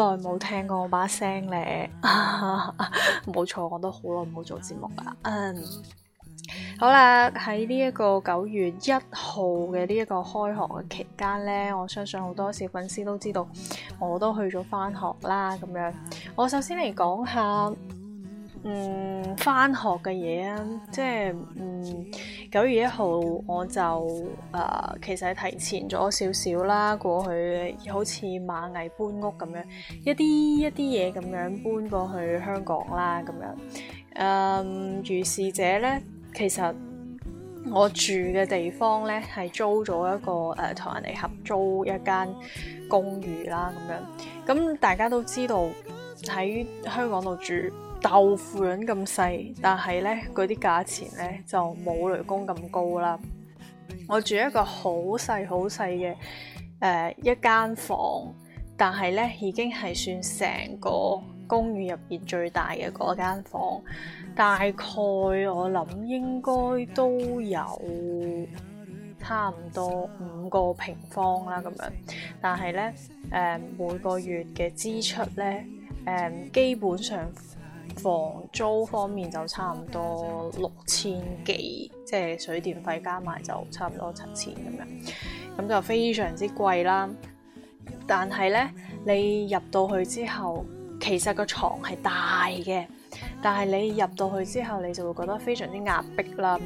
好耐冇聽過我把聲咧，冇 錯，我都好耐冇做節目啦。嗯，好啦，喺呢一個九月一號嘅呢一個開學嘅期間呢，我相信好多小粉絲都知道我，我都去咗返學啦。咁樣，我首先嚟講下。嗯，翻學嘅嘢啊，即係嗯九月一號我就誒、呃，其實係提前咗少少啦，過去好似螞蟻搬屋咁樣，一啲一啲嘢咁樣搬過去香港啦，咁樣誒，如是者咧，其實我住嘅地方咧係租咗一個誒，同、呃、人哋合租一間公寓啦，咁樣，咁大家都知道喺香港度住。豆腐潤咁細，但係咧，嗰啲價錢咧就冇雷公咁高啦。我住一個好細好細嘅誒一間房，但係咧已經係算成個公寓入邊最大嘅嗰間房，大概我諗應該都有差唔多五個平方啦咁樣。但係咧誒每個月嘅支出咧誒、呃、基本上。房租方面就差唔多六千幾，即係水電費加埋就差唔多七千咁樣，咁就非常之貴啦。但係呢，你入到去之後，其實個床係大嘅，但係你入到去之後，你就會覺得非常之壓迫啦。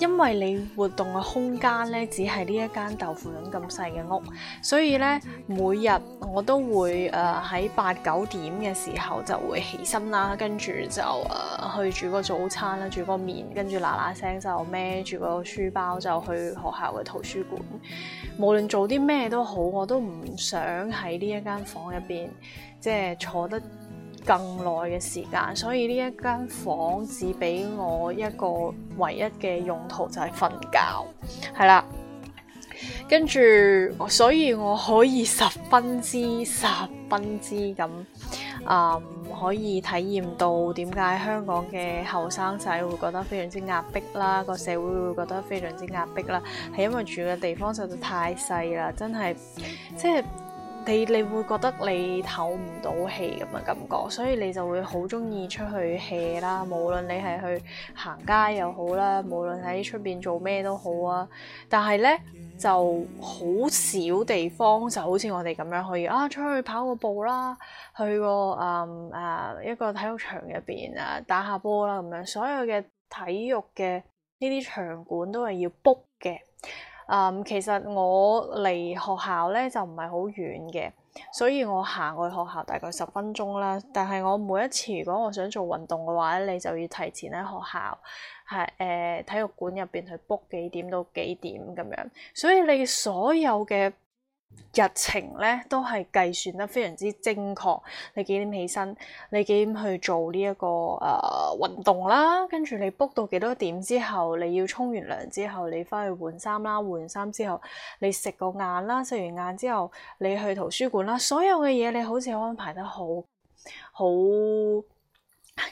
因為你活動嘅空間咧，只係呢一間豆腐膶咁細嘅屋，所以咧，每日我都會誒喺八九點嘅時候就會起身啦，跟住就誒、呃、去煮個早餐啦，煮個麵，跟住嗱嗱聲就孭住個書包就去學校嘅圖書館。無論做啲咩都好，我都唔想喺呢一間房入邊，即係坐得。更耐嘅時間，所以呢一間房只俾我一個唯一嘅用途就係瞓覺，係啦。跟住，所以我可以十分之十分之咁啊、嗯，可以體驗到點解香港嘅後生仔會覺得非常之壓迫啦，個社會會覺得非常之壓迫啦，係因為住嘅地方實在太細啦，真係即係。即係你你會覺得你唞唔到氣咁嘅感覺，所以你就會好中意出去 hea 啦，無論你係去行街又好啦，無論喺出邊做咩都好啊。但係咧就好少地方就好似我哋咁樣可以啊，出去跑個步啦，去個誒誒一個體育場入邊啊打下波啦咁樣。所有嘅體育嘅呢啲場館都係要 book 嘅。啊，um, 其實我離學校咧就唔係好遠嘅，所以我行去學校大概十分鐘啦。但係我每一次如果我想做運動嘅話咧，你就要提前喺學校係誒、呃、體育館入邊去 book 幾點到幾點咁樣。所以你所有嘅日程咧都係計算得非常之精確，你幾點起身，你幾點去做呢、這、一個誒運、呃、動啦，跟住你 book 到幾多點之後，你要沖完涼之後，你翻去換衫啦，換衫之後，你食個晏啦，食完晏之後，你去圖書館啦，所有嘅嘢你好似安排得好，好，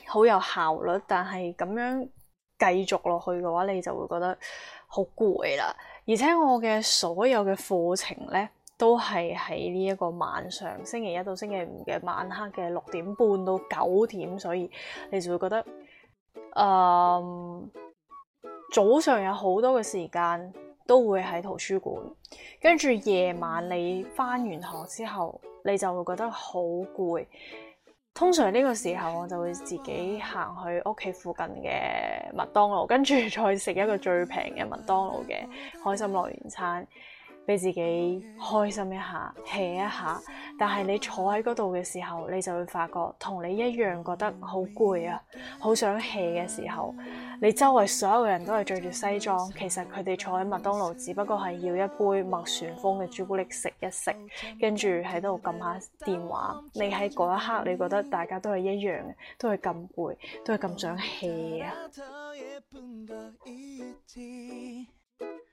好有效率，但係咁樣繼續落去嘅話，你就會覺得好攰啦，而且我嘅所有嘅課程咧，都係喺呢一個晚上，星期一到星期五嘅晚黑嘅六點半到九點，所以你就會覺得誒、嗯、早上有好多嘅時間都會喺圖書館，跟住夜晚你翻完學之後，你就會覺得好攰。通常呢個時候，我就會自己行去屋企附近嘅麥當勞，跟住再食一個最平嘅麥當勞嘅開心樂園餐。俾自己開心一下 hea 一下。但係你坐喺嗰度嘅時候，你就會發覺同你一樣覺得好攰啊，好想 hea 嘅時候，你周圍所有人都係着住西裝。其實佢哋坐喺麥當勞，只不過係要一杯麥旋風嘅朱古力食一食，跟住喺度撳下電話。你喺嗰一刻，你覺得大家都係一樣嘅，都係咁攰，都係咁想 hea 啊！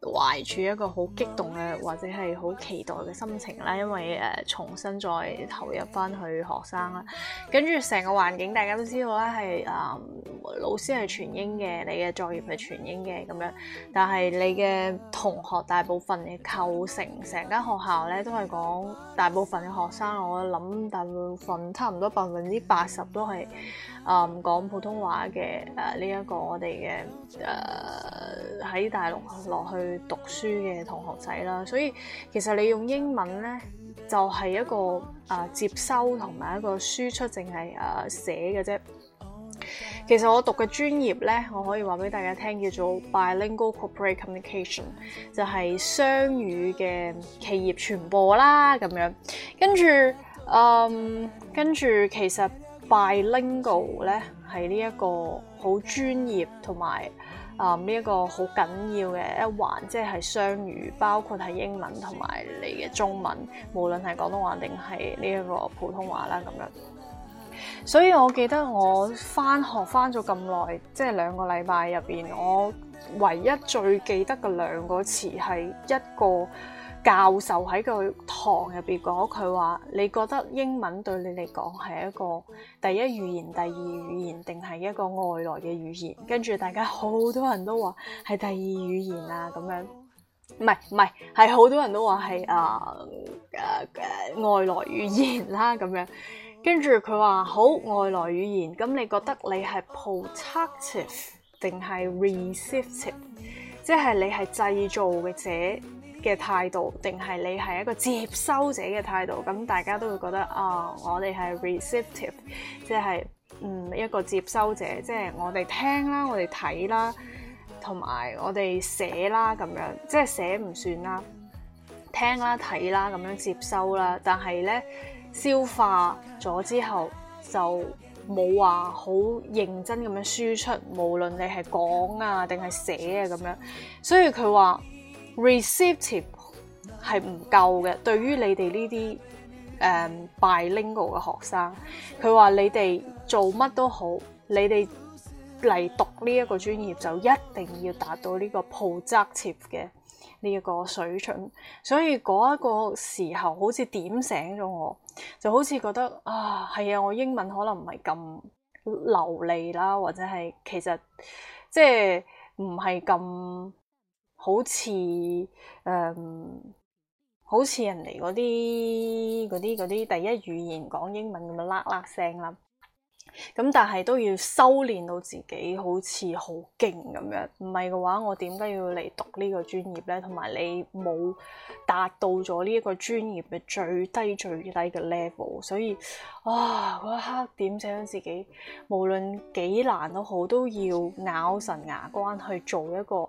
懷住一個好激動嘅或者係好期待嘅心情啦，因為誒、呃、重新再投入返去學生啦，跟住成個環境大家都知道啦，係、嗯、誒老師係全英嘅，你嘅作業係全英嘅咁樣，但係你嘅同學大部分嘅構成，成間學校咧都係講大部分嘅學生，我諗大部分差唔多百分之八十都係誒講普通話嘅誒呢一個我哋嘅誒、呃喺大陸落去讀書嘅同學仔啦，所以其實你用英文咧，就係、是、一個啊、呃、接收同埋一個輸出，淨係啊寫嘅啫。其實我讀嘅專業咧，我可以話俾大家聽，叫做 bilingual corporate communication，就係雙語嘅企業傳播啦咁樣。跟住嗯，跟住其實 bilingual 咧係呢一個好專業同埋。啊！呢一個好緊要嘅一環，即係雙語，包括係英文同埋你嘅中文，無論係廣東話定係呢一個普通話啦咁樣。所以我記得我翻學翻咗咁耐，即係兩個禮拜入邊，我唯一最記得嘅兩個詞係一個。教授喺個堂入邊講，佢話你覺得英文對你嚟講係一個第一語言，第二語言，定係一個外來嘅語言？跟住大家好多人都話係第二語言啊。咁樣唔係唔係，係好多人都話係啊外來語言啦，啊、咁樣。跟住佢話好，外來語言，咁你覺得你係 productive 定係 receptive？即係你係製造嘅者。嘅態度，定係你係一個接收者嘅態度，咁大家都會覺得啊，我哋係 receptive，即係嗯一個接收者，即係我哋聽啦，我哋睇啦，同埋我哋寫啦咁樣，即係寫唔算啦，聽啦睇啦咁樣接收啦，但係咧消化咗之後就冇話好認真咁樣輸出，無論你係講啊定係寫啊咁樣，所以佢話，receptive 係唔夠嘅，對於你哋呢啲誒 bilingual 嘅學生，佢話你哋做乜都好，你哋嚟讀呢一個專業就一定要達到呢個 productive 嘅呢一個水準。所以嗰一個時候好似點醒咗我，就好似覺得啊，係啊，我英文可能唔係咁流利啦，或者係其實即係唔係咁。好似誒、嗯，好似人哋嗰啲嗰啲嗰啲第一語言講英文咁嘅啦啦聲啦，咁但係都要修煉到自己好似好勁咁樣，唔係嘅話，我點解要嚟讀呢個專業咧？同埋你冇達到咗呢一個專業嘅最低最低嘅 level，所以啊，嗰一刻點醒自己無論幾難都好，都要咬實牙關去做一個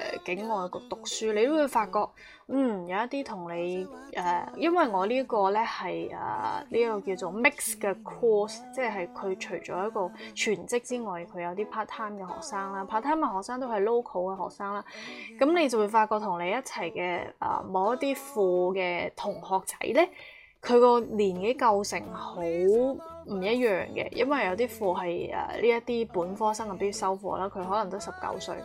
境外局讀書，你都會發覺，嗯，有一啲同你誒、呃，因為我呢個呢係誒呢個叫做 mix 嘅 course，即係佢除咗一個全職之外，佢有啲 part time 嘅學生啦，part time 嘅學生都係 local 嘅學生啦。咁你就會發覺同你一齊嘅誒某一啲課嘅同學仔呢，佢個年紀構成好唔一樣嘅，因為有啲課係誒呢一啲本科生入邊收課啦，佢可能都十九歲。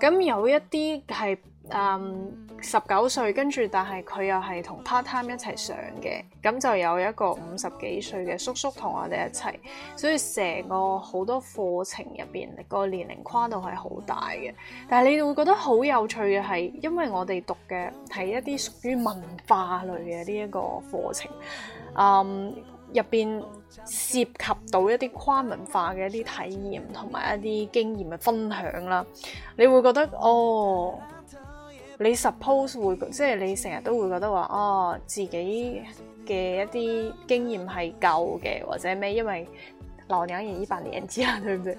咁有一啲係嗯十九歲，跟住但係佢又係同 part time 一齊上嘅，咁就有一個五十幾歲嘅叔叔同我哋一齊，所以成個好多課程入邊個年齡跨度係好大嘅。但係你會覺得好有趣嘅係，因為我哋讀嘅係一啲屬於文化類嘅呢一個課程，嗯。入邊涉及到一啲跨文化嘅一啲體驗同埋一啲經驗嘅分享啦，你會覺得哦，你 suppose 會，即係你成日都會覺得話哦，自己嘅一啲經驗係夠嘅或者咩？因為。老兩兒依百年之後，對唔對？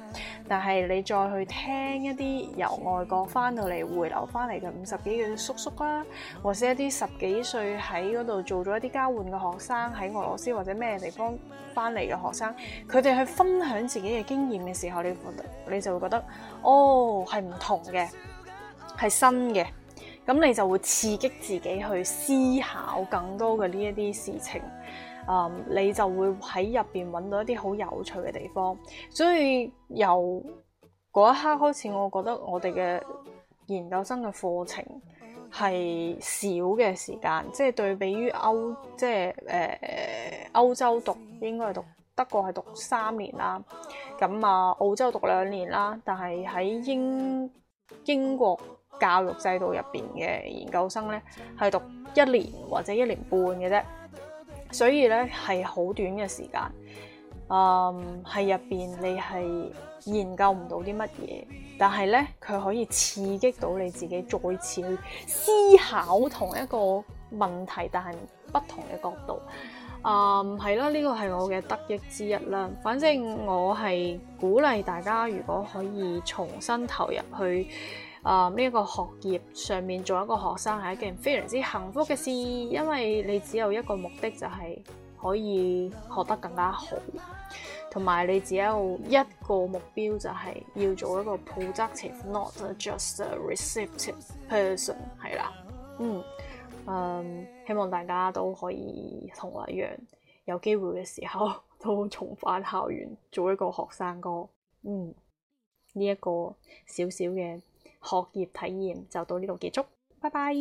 但係你再去聽一啲由外國翻到嚟、回流翻嚟嘅五十幾嘅叔叔啦、啊，或者一啲十幾歲喺嗰度做咗一啲交換嘅學生喺俄羅斯或者咩地方翻嚟嘅學生，佢哋去分享自己嘅經驗嘅時候，你覺得你就會覺得，哦，係唔同嘅，係新嘅，咁你就會刺激自己去思考更多嘅呢一啲事情。啊，um, 你就會喺入邊揾到一啲好有趣嘅地方，所以由嗰一刻開始，我覺得我哋嘅研究生嘅課程係少嘅時間，即係對比於歐，即係誒歐洲讀應該係讀德國係讀三年啦，咁啊澳洲讀兩年啦，但係喺英英國教育制度入邊嘅研究生咧，係讀一年或者一年半嘅啫。所以咧係好短嘅時間，嗯，喺入邊你係研究唔到啲乜嘢，但係咧佢可以刺激到你自己再次去思考同一個問題，但係不同嘅角度，嗯，係啦，呢個係我嘅得益之一啦。反正我係鼓勵大家，如果可以重新投入去。啊！呢一、um, 個學業上面做一個學生係一件非常之幸福嘅事，因為你只有一個目的就係可以學得更加好，同埋你只有一個目標就係要做一個 productive，not just a receptive person，係、嗯、啦。嗯，誒，希望大家都可以同我一樣有機會嘅時候都重返校園做一個學生哥。嗯，呢、這、一個小小嘅。學業體驗就到呢度結束，拜拜。